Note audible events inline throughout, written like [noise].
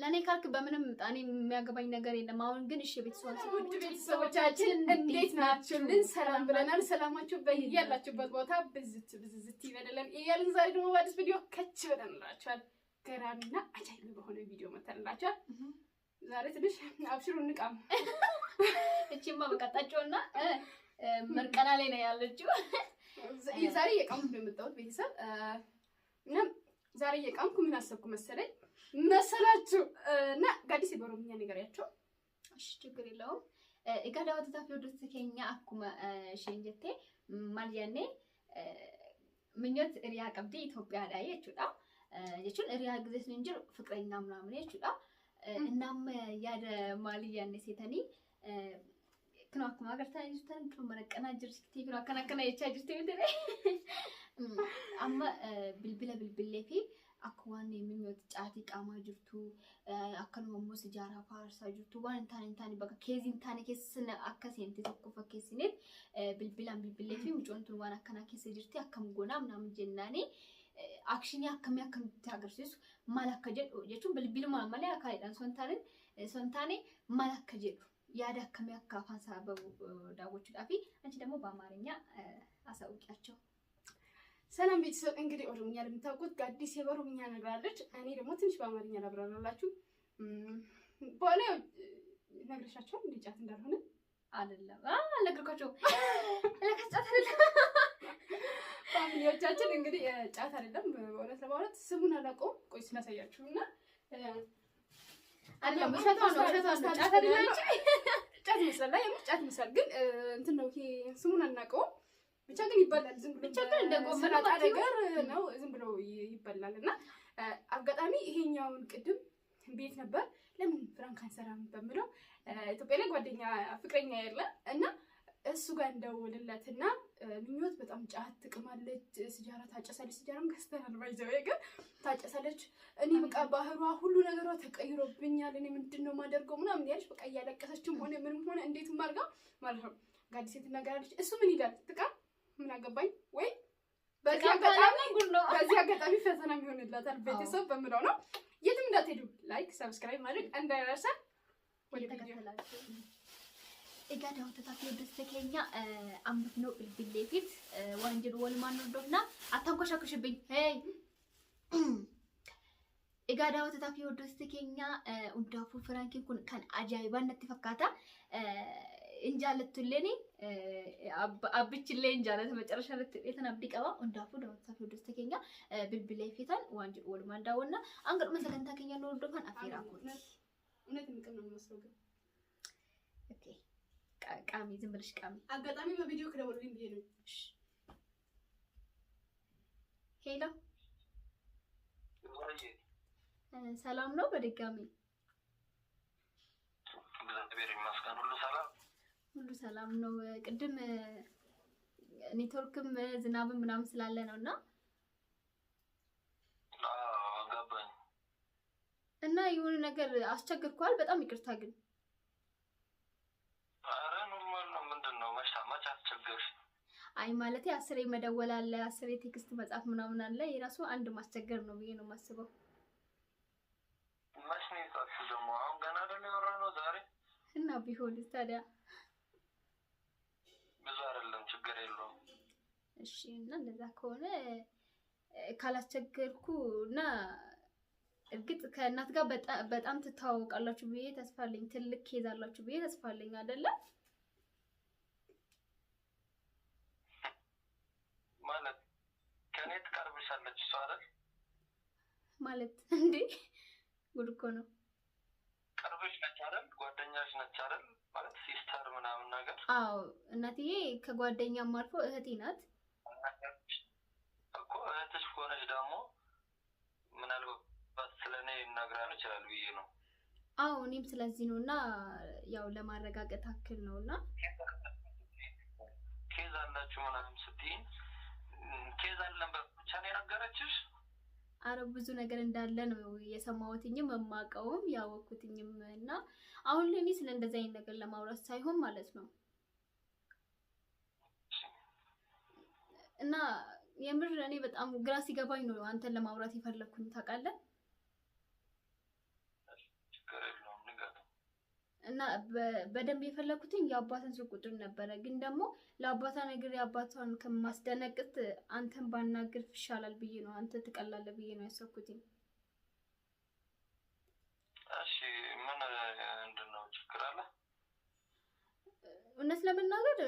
ለእኔ ካልክ በምንም እኔ የሚያገባኝ ነገር የለም። አሁን ግን እሺ፣ ቤተሰቦች ውድ ቤተሰቦቻችን እንዴት ናችሁ? ምን ሰላም ብለናል። ሰላማችሁ በያላችሁበት ቦታ ብዝት ብዝዝት ይበደለን እያልን ዛሬ ደግሞ በአዲስ ቪዲዮ ከች ብለንላችኋል። ገራሚና አጃይ በሆነ ቪዲዮ መተንላችኋል። ዛሬ ትንሽ አብሽሩ እንቃም። እቺማ በቃጣቸውና መርቀና ላይ ነው ያለችው። ዛሬ የቀሙ ነው የመጣሁት ቤተሰብ ዛሬ እየቃምኩ ምን አሰብኩ መሰለኝ መሰላችሁ እና ጋዲስ የበሮምኛ ነገር ያቸው እሺ ችግር የለውም እጋ ዳወተታፊ ወደት ኬኛ አኩመ ሸንጀቴ ማልያኔ ምኞት እሪያ ቀብዲ ኢትዮጵያ ዳይ ይችላ ይችን እሪያ ግዜት ነው ፍቅረኛ ምናምን ይችላ እናም ያደ ማልያኔ ሴተኒ ክኖ አኩመ ሀገር ታይ ይችላል ክኖ መረቀና አከናከና ይቻ ጅርስ amma bilbila bilbillee fi akka waan mi'oota caatii qaamaa jirtu akkanuma immoo sijaaraa faarsaa jirtu waan hin taane hin taane bakka keezii hin taane keessa akka seente tokko fakkeessineef bilbilaan bilbilee fi mucoon tun waan akkanaa keessa jirti akka mugoonaa amnaam jennaani. Akshinii akkamii akka nutti agarsiisu maal akka jedhu jechuun bilbiluma malee akaayiidhaan son taane maal akka jedhu yaada akkamii akka afaan isaa bahu daawwachuudhaa fi dammoo ደግሞ በአማርኛ አሳውቂያቸው። ሰላም ቤተሰብ፣ እንግዲህ ኦሮምኛ ለምታውቁት ጋዲስ በኦሮምኛ ነግራለች። እኔ ደግሞ ትንሽ በአማርኛ ላብራራላችሁ። በኋላ ነግረሻቸው እንደ ጫት እንዳልሆነ አይደለም አልነገርኳቸው። ለከጫት አይደለም ፋሚሊዎቻችን እንግዲህ ጫት አይደለም። በእውነት ለማውራት ስሙን አላውቀውም። ቆይ ስናሳያችሁ እና አይደለም ጫት ጫት ይመስላል፣ ጫት ይመስላል። ግን እንትን ነው ስሙን አናውቀውም ብቻ ግን ይበላል። ዝም ብሎ ብቻ ግን እንደ ጎመን ነገር ነው፣ ዝም ብሎ ይበላል። እና አጋጣሚ ይሄኛውን ቅድም ቤት ነበር ለምን ፍራንክ አንሰራም በምለው ኢትዮጵያ ላይ ጓደኛ ፍቅረኛ ያለ እና እሱ ጋር እንደውልለት እና ምኞት በጣም ጫት ትቅማለች፣ ስጃራ ታጨሳለች። ስጃራም ከስተናል ባይዘው ግን ታጨሳለች። እኔ በቃ ባህሯ ሁሉ ነገሯ ተቀይሮብኛል። እኔ ምንድን ነው ማደርገው ምናምን ያለች በቃ እያለቀሰችም ሆነ ምንም ሆነ እንዴት ማርጋ ማለት ነው ጋዲሴት ትናገራለች። እሱ ምን ይላል ጥቃም ምን አገባኝ ወይ በዚህ አጋጣሚ ፈተና የሚሆንላታል ቤተሰብ በምለው ነው። የትም እንዳትሄዱ ላይክ፣ ሰብስክራይብ ማድረግ እንዳይረሳ። ወደ ተከታተላችሁ እጋዳ ወተታት ደስተኛ አምት ነው ብልብሌ ፊት ወንጀል ወልማን ነው ዶና አታንኮሻኩሽብኝ ሄይ egaa daawwattoota fi hordoftoota keenya hundaafuu firankiin kun kan ajaa'ibaatti fakkaata. Hin jaalattu illee አብችሌ እንጃ ለተ መጨረሻ ለት ቤተን አብዲቀባ እንዳፉ ደመሳፊ ወደስ ተገኛ ብልብላ ይፌታል ዋንጅ ወድማ እንዳወና አንገር መሰገን ታገኛ ነው ወደ ፈን አፌራ ኮት ቃሚ ዝም ብለሽ ቃሚ አጋጣሚ በቪዲዮ ክደውልልኝ ብዬ ነው። ሄሎ ሰላም ነው በድጋሚ እግዚአብሔር ይመስገን ሁሉ ሰላም ሁሉ ሰላም ነው። ቅድም ኔትወርክም ዝናብም ምናምን ስላለ ነው እና እና የሆነ ነገር አስቸግርኳል። በጣም ይቅርታ ግን አይ ማለት አስሬ መደወል አለ፣ አስሬ ቴክስት መጻፍ ምናምን አለ። የራሱ አንድ ማስቸገር ነው ብዬ ነው የማስበው። መች ነው የጻፍሽው ደግሞ? አሁን ገና ያወራነው ዛሬ እና ቢሆን ታዲያ እሺ። እና እንደዛ ከሆነ ካላስቸገርኩ እና እርግጥ ከእናት ጋር በጣም ትተዋወቃላችሁ ብዬ ተስፋለኝ። ትልቅ ኬዝ አላችሁ ብዬ ተስፋለኝ አለኝ አይደለም? ማለት ከእኔ ትቀርብሻለች እሷ አይደል? ማለት እንዴ ጉድ እኮ ነው። ቅርብሽ ነች አይደል? ጓደኛሽ ነች አይደል? ማለት ሲስተር ምናምን ነገር። አዎ እናትዬ ከጓደኛም አልፎ እህቴ ናት። እኮ እህትሽ ከሆነች ደግሞ ምናልባት ስለ እኔ ብዬ ነው። አዎ እኔም ስለዚህ ነው እና ያው ለማረጋገጥ አክል ነው እና ኬዝ አላችሁ ምናምን ስትይኝ ኬዝ አለን ነው የነገረችሽ? አረ ብዙ ነገር እንዳለ ነው የሰማሁትኝም የማውቀውም ያወቅኩትኝም እና አሁን ለእኔ ስለ እንደዚህ አይነት ነገር ለማውራት ሳይሆን ማለት ነው እና የምር እኔ በጣም ግራ ሲገባኝ ነው አንተን ለማውራት የፈለግኩኝ ታውቃለህ። እና በደንብ የፈለግኩትኝ የአባትን ስልክ ቁጥር ነበረ፣ ግን ደግሞ ለአባታ ነገር የአባቷን ከማስደነቅት አንተን ባናግር ይሻላል ብዬ ነው። አንተ ትቀላለህ ብዬ ነው ያሰብኩትኝ። እሺ ምን እንድን ነው ችግር አለ? እውነት ለመናገር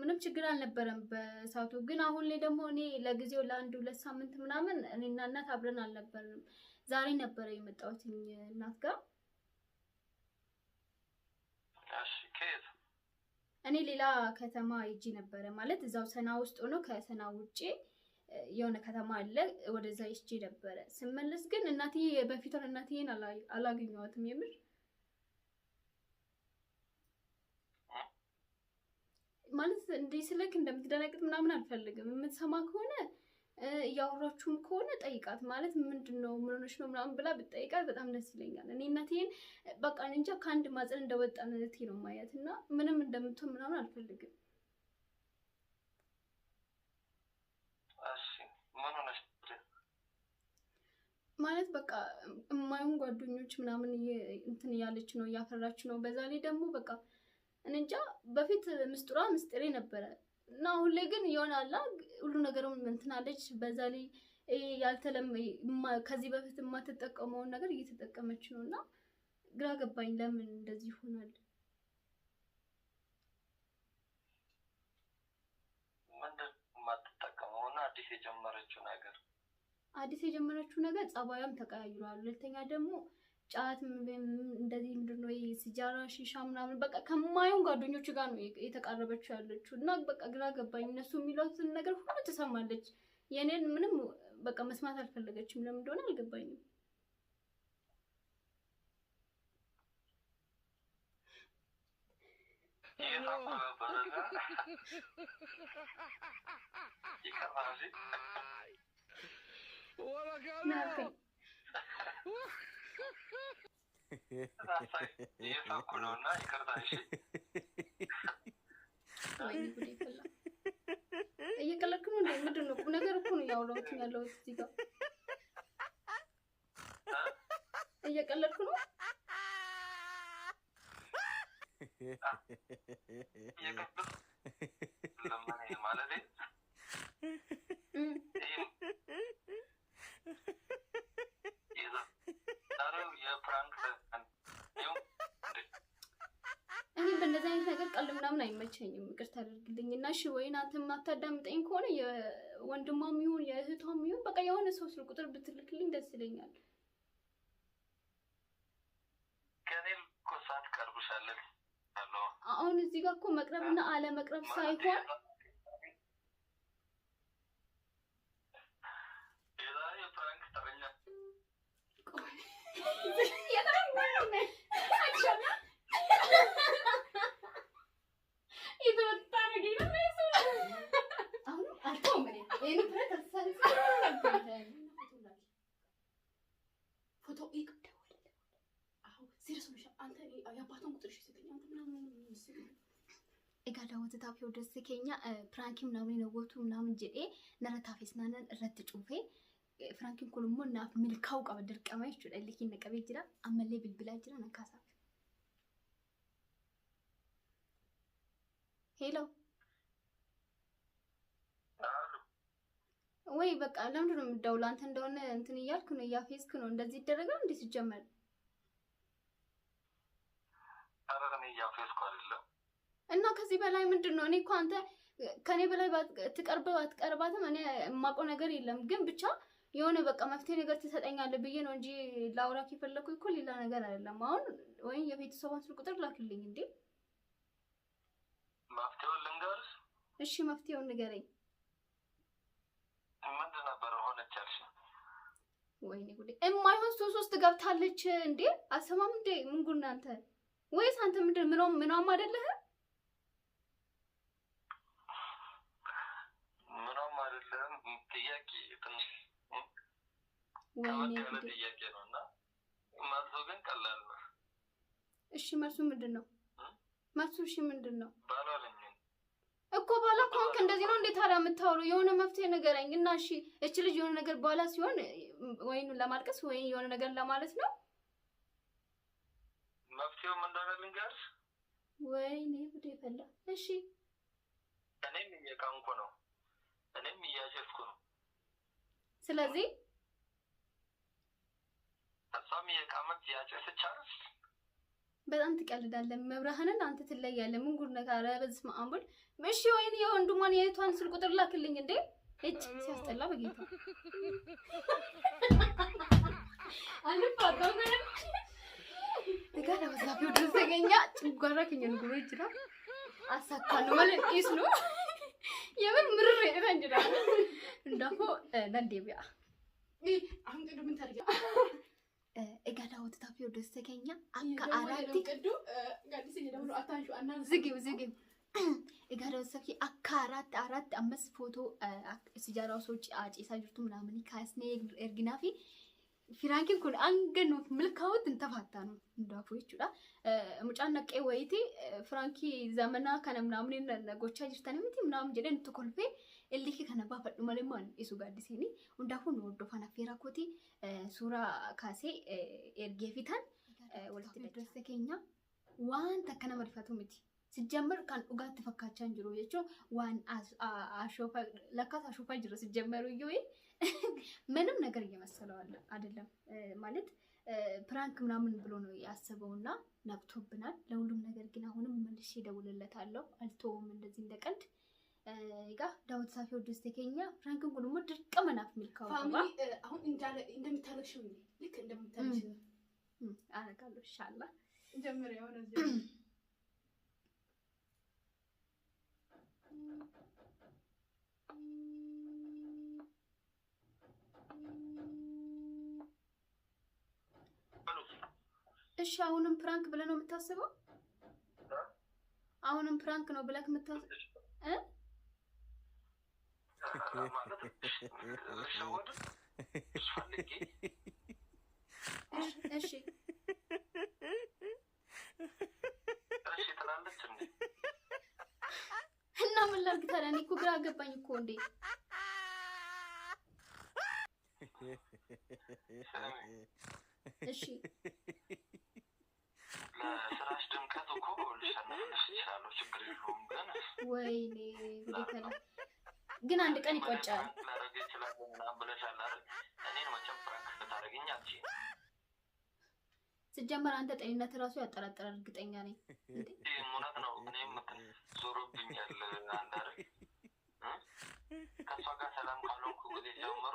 ምንም ችግር አልነበረም በሳቱ። ግን አሁን ላይ ደግሞ እኔ ለጊዜው ለአንድ ሁለት ሳምንት ምናምን እኔና እናት አብረን አልነበርም። ዛሬ ነበረ የመጣሁት እናት ጋር። እኔ ሌላ ከተማ ሄጄ ነበረ ማለት እዛው ሰና ውስጥ ሆኖ ከሰና ውጭ የሆነ ከተማ አለ ወደዛ ሄጄ ነበረ። ስመለስ ግን እናትዬ በፊቷን እናትዬን አላገኘኋትም የምር ማለት እንዲህ ስለክ እንደምትደነግጥ ምናምን አልፈልግም። የምትሰማ ከሆነ እያወራችሁም ከሆነ ጠይቃት። ማለት ምንድን ነው ምን ነው ምናምን ብላ ብጠይቃት በጣም ደስ ይለኛል። እኔ እናቴን በቃ እንጃ ከአንድ ማጽን እንደወጣን እህቴ ነው ማየት እና ምንም እንደምትሆን ምናምን አልፈልግም። ማለት በቃ የማይሆን ጓደኞች ምናምን እንትን እያለች ነው እያፈራች ነው። በዛ ላይ ደግሞ በቃ እንጃ በፊት ምስጢሯ ምስጢሬ ነበረ እና አሁን ላይ ግን የሆነ አላ ሁሉ ነገርም እንትናለች። በዛ ላይ ያልተለም ከዚህ በፊት የማትጠቀመውን ነገር እየተጠቀመች ነው እና ግራ ገባኝ። ለምን እንደዚህ ይሆናል? አዲስ የጀመረችው ነገር አዲስ የጀመረችው ነገር ጸባያም ተቀያይሯል። ሁለተኛ ደግሞ ጫት እንደዚህ ምንድን ነው ሲጃራ፣ ሺሻ ምናምን በቃ ከማየውን ጓደኞች ጋር ነው የተቃረበችው ያለችው እና በቃ ግራ ገባኝ። እነሱ የሚሏትን ነገር ሁሉ ትሰማለች። የኔን ምንም በቃ መስማት አልፈለገችም። ለምን እንደሆነ አልገባኝም። [laughs] እየቀለድክ ነው እንዴ? ምንድን ነው? ነገር እኮ ነው እያወራሁት ያለሁት እዚህ ጋር። እየቀለድክ ነው ማለት እኔ በእንደዚህ አይነት ነገር ቀልድ ምናምን አይመቸኝም። ይቅርታ አድርግልኝ እና እሺ፣ ወይ አንተ የማታዳምጠኝ ከሆነ የወንድሟም ይሁን የእህቷም ይሁን በቃ የሆነ ሰው ስልክ ቁጥር ብትልክልኝ ደስ ይለኛል። አሁን እዚህ ጋር እኮ መቅረብና አለመቅረብ ሳይሆን ቆይ ኤጋ daawwata taafii odeessa keenya piraankiin namni nawwatu namni jedhee nara taafis naannan irratti cuufee Firaankiin kun ሞ naaf ምልካው qaba ድርቀማ ይችላል Illee keenya ይችላል jira. Ammallee ይችላል jira ሄሎ ወይ በቃ ለምንድን ነው የምትደውለው? አንተ እንደሆነ እንትን እያልክ ነው እያፌዝክ ነው። እንደዚህ ይደረጋል እንዴ ሲጀመር? ኧረ እኔ እያፌዝኩ አይደለም። እና ከዚህ በላይ ምንድን ነው? እኔ እኮ አንተ ከኔ በላይ ትቀርበ አትቀርባትም እኔ የማውቀው ነገር የለም ግን ብቻ የሆነ በቃ መፍትሄ ነገር ትሰጠኛለህ ብዬ ነው እንጂ ላውራክ የፈለኩ እኮ ሌላ ነገር አይደለም። አሁን ወይም የቤተሰቧን ስልክ ቁጥር ላክልኝ እንዴ። መፍትሄውን ልንገርሽ? እሺ መፍትሄውን ንገረኝ። ምንድን ነበር ሆነች ያልሽ? ወይኔ ጉዴ! እማይሆን ሶስት ሶስት ገብታለች እንዴ። አሰማም እንዴ? ምን ጉድ አንተ? ወይስ አንተ ምንድን ምናም ምናም አይደለህ ከበድ ያለ ጥያቄ ነው እና መልሱ ግን ቀላል ነው። እሺ መልሱ ምንድን ነው? መልሱ እሺ ምንድን ነው? እኮ ባላ ከሆንክ እንደዚህ ነው እንዴ ታዲያ የምታወራው? የሆነ መፍትሄ ንገረኝ እና እሺ። እች ልጅ የሆነ ነገር ባላ ሲሆን ወይም ለማልቀስ ወይም የሆነ ነገር ለማለት ነው። መፍትሄው ምን እንደሆነ ልንገርሽ። ወይኔ ጉዴ ፈላ። እሺ እኔም እየቃንኩ ነው፣ እኔም እያሸፍኩ ነው። ስለዚህ እሷም የቃመት ያጭስ ስቻርስ በጣም ትቀልዳለህ። መብርሃንን አንተ ትለያለህ። ምን ጉድ ነካ! ኧረ በስመ አብ ወልድ። እሺ ወይኔ የወንድሟን የእህቷን ስል ቁጥር ላክልኝ እንዴ! እጭ ሲያስጠላ በጌታ ጭጓራ ይችላል አሳካ ነው ማለት ነው ምርር እንዳፎ አንተ ምን ታርጋ እገዳ ወጥታ ፊዮ ደስተገኛ አካ አራት ዝግብ ዝግብ እገዳ ወጥታ አካ አራት አራት አምስት ፎቶ ሲጃራ ሰዎች አጭሳ ጅርቱ ምናምን ካስኔ ኤርግናፊ Firaankiin kun hanga nuuf milkaa'utti hin tafaattaan hundaafuu eh, Mucaan naqqee wayiitii eh, firaankii zamanaa kana mnaamni gochaa jirtan miti mnaam jedhee nutti kolfee illikii kana baafadhu malee maan isu gaaddisiini. Hundaafuu nu hordofan affeera kooti eh, suuraa kaasee ergee walitti akka nama miti. kan dhugaatti fakkaachaa jiru waan ashoofa lakkaas ashoofaa jira sijjammaru iyyuu. ምንም ነገር እየመሰለው አይደለም ማለት ፕራንክ ምናምን ብሎ ነው ያሰበውና ነብቶብናል። ለሁሉም ነገር ግን አሁንም መልሼ አለው። አልተወውም እንደዚህ እንደቀልድ ጋ ዳዊት ሳፊ ወደ ስተኬኛ ፍራንክን ሁሉ ሞ ድርቅ መናፍ ሚልካው አሁን እንዳለ እንደምታለሽው ልክ እንደምታለሽ አረጋለሁ። ይሻላ ጀምር የሆነ እሺ አሁንም ፕራንክ ብለህ ነው የምታስበው? አሁንም ፕራንክ ነው ብለህ የምታስበው? እና ምን ላድርግ ታዲያ? እኔ እኮ ግራ ገባኝ እኮ እንዴ እሺ ስራሽ ድምቀት እኮ ልሸነፍልሽ ችግር የለውም። ግን ወይኔ ግን አንድ ቀን ይቆጫል። ላረግ ይችላል ብለሻል አይደል? እኔን መቼም ፍራንክ ስጀመር አንተ ጤንነት እራሱ ያጠራጠረ እርግጠኛ ነኝ እውነት ነው። እኔም ዞሮብኛል። አንዳር ከእሷ ጋር ሰላም ካልሆንኩ ጊዜ ጀምሮ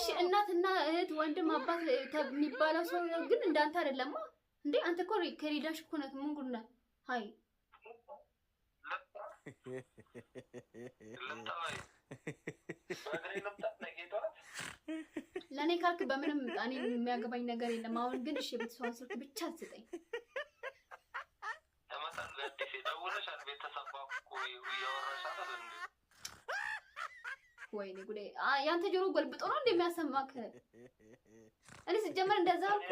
እሺ እናትና እህት ወንድም አባት የሚባለው ሰው ግን እንዳንተ አይደለማ እንዴ? አንተ እኮ ከሪዳሽ እኮ ነው። ምን ጉድ ሀይ ለእኔ ካልክ በምንም እኔ የሚያገባኝ ነገር የለም። አሁን ግን እሺ የቤተሰዋን ስልክ ብቻ አትሰጠኝ። ወይኔ ጉዴ! ያንተ ጆሮ ጎልብጦ ነው እንደሚያሰማክ። እኔ ስጀመር እንደዛ አልኩ።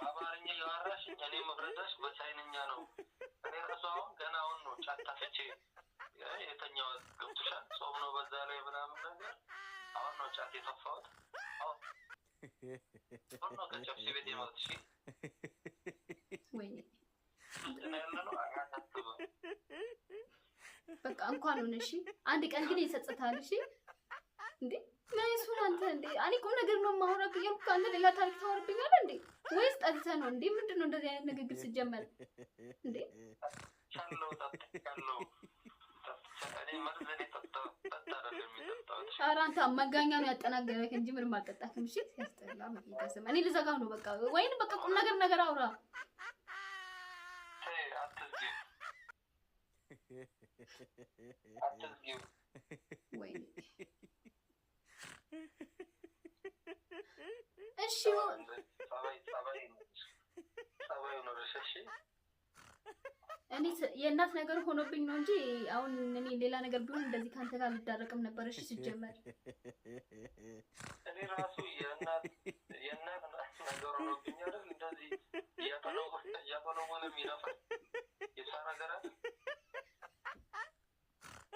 በአማርኛ የዋራሽ እኔ መብረዳሽ በቻይንኛ ነው። እኔ ራሱ አሁን ገና አሁን ነው የተኛው ገብቶሻል። ጾም ነው በዛ ላይ ምናምን ነገር አሁን ነው ጫት አሁን ነው ቤት ያለ ነው አያሳስብም በቃ እንኳን ሆነ። እሺ አንድ ቀን ግን ይጸጽታል። እሺ እንዴ ናይሱን አንተ እንዴ እኔ ቁም ነገር ነው ማውራ ብዬ አንተ ሌላ ታሪክ ታወርብኛል እንዴ ወይስ ጠልተ ነው እንዴ? ምንድን ነው እንደዚህ አይነት ንግግር ስጀመር እንዴ? ኧረ አንተ አማጋኛ ነው ያጠናገረህ እንጂ ምንም አልጠጣክም። እሺ ያስጠላ። እኔ ልዘጋው ነው በቃ። ወይን በቃ ቁም ነገር ነገር አውራ እኔ የእናት ነገር ሆኖብኝ ነው እንጂ አሁን እኔ ሌላ ነገር ቢሆን እንደዚህ ከአንተ ጋር ልዳረቅም ነበር። እሺ ሲጀመር እኔ ራሱ የእናት ነገር ሆኖብኝ አይደል? እንደዚህ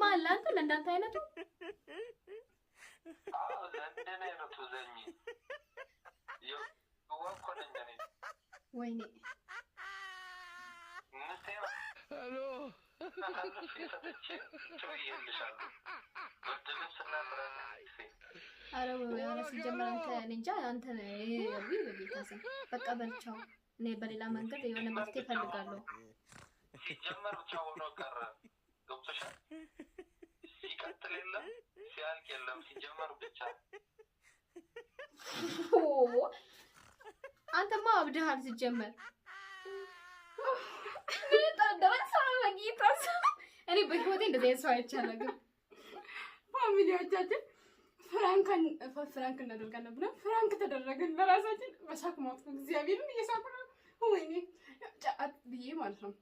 ማን ለአንተ ለእንዳንተ አይነቱ እንደኔ በቃ በልቻው። እኔ በሌላ መንገድ የሆነ መፍትሄ እፈልጋለሁ። ሲጀመር ብቻ ሆኖ ቀረ። ገብቶሻል ነገር የለም ሲያልቅ የለም ሲጀመር ብቻ አንተማ አብድሃል ሲጀመር እኔ በህይወቴ እንደዚህ አይነት ሰው አይቻለግም ፋሚሊዎቻችን ፍራንክ ፍራንክ እናደርጋለን ብለን ፍራንክ ተደረገን በራሳችን በሳቅ ማውጣት እግዚአብሔርን እየሳቁ ነው ወይኔ ጫት ብዬ ማለት ነው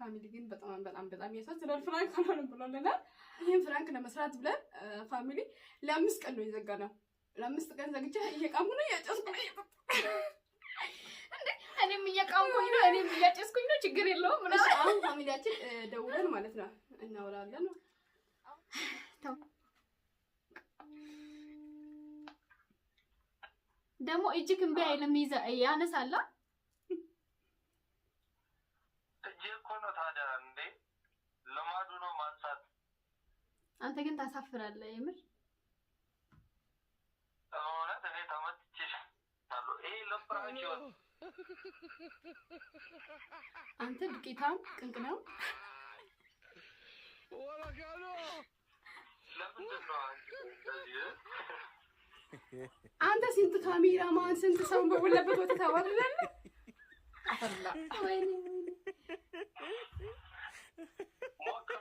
ፋሚሊ ግን በጣም በጣም በጣም ያሳዝናል። ፍራንክ አልሆንም ብሎልና ይህን ፍራንክ ለመስራት ብለን ፋሚሊ ለአምስት ቀን ነው የዘጋነው። ለአምስት ቀን ዘግቼ እየቃሙ ነው እያጨስኩ ነው እኔም እየቃምኩኝ ነው እኔም እያጨስኩኝ ነው። ችግር የለውም። አሁን ፋሚሊያችን ደውለን ማለት ነው እናወራለን። ደግሞ እጅ ክንቢ አይልም ይዘ ያነሳላ እኮ ነው ታዲያ እንዴ ልማዱ ነው ማንሳት። አንተ ግን ታሳፍራለህ የምር እውነት። እኔ ተመትቼሻለሁ። አንተ ዱቄታም ቅንቅ ነው ወረጋሎ አንተ ስንት ካሜራማን ስንት ሰውን በሞላበት ወጥታ ወርዳለ ወይኔ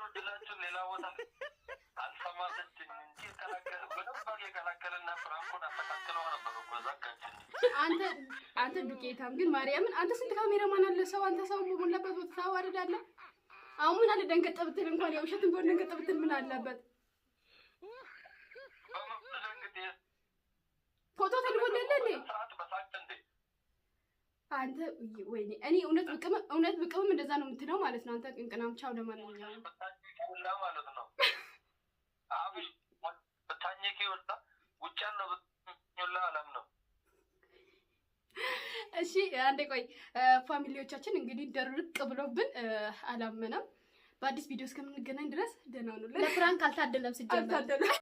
ሞክሩላችሁ። ሌላ ቦታ እንጂ በደንብ ፍራንኮን አስተካክለው ነበር እኮ አንተ አንተ ዱቄታም ግን ማርያምን አንተ ስንት ካሜራ ማን አለ ሰው አንተ ሰው በሞላበት ቦታ ታዋርዳለህ። አሁን ምን አለ ደንገጥ ብትል እንኳን የውሸትን ቢሆን ደንገጥ ብትል ምን አለበት? ፎቶ ተልጎልህ እንዴ? አንተ ወይኔ እኔ እውነት ብቅም እውነት ብቅምም እንደዛ ነው የምትለው ማለት ነው። አንተ ቅንቅናም ቻው ለማንኛውም ማለት ነው። እሺ አንዴ ቆይ ፋሚሊዎቻችን እንግዲህ ደርቅ ብሎብን አላመነም። በአዲስ ቪዲዮ እስከምንገናኝ ድረስ ደህና ሁኑልን። ለፍራንክ አልታደለም፣ ስጀምር አልታደለም።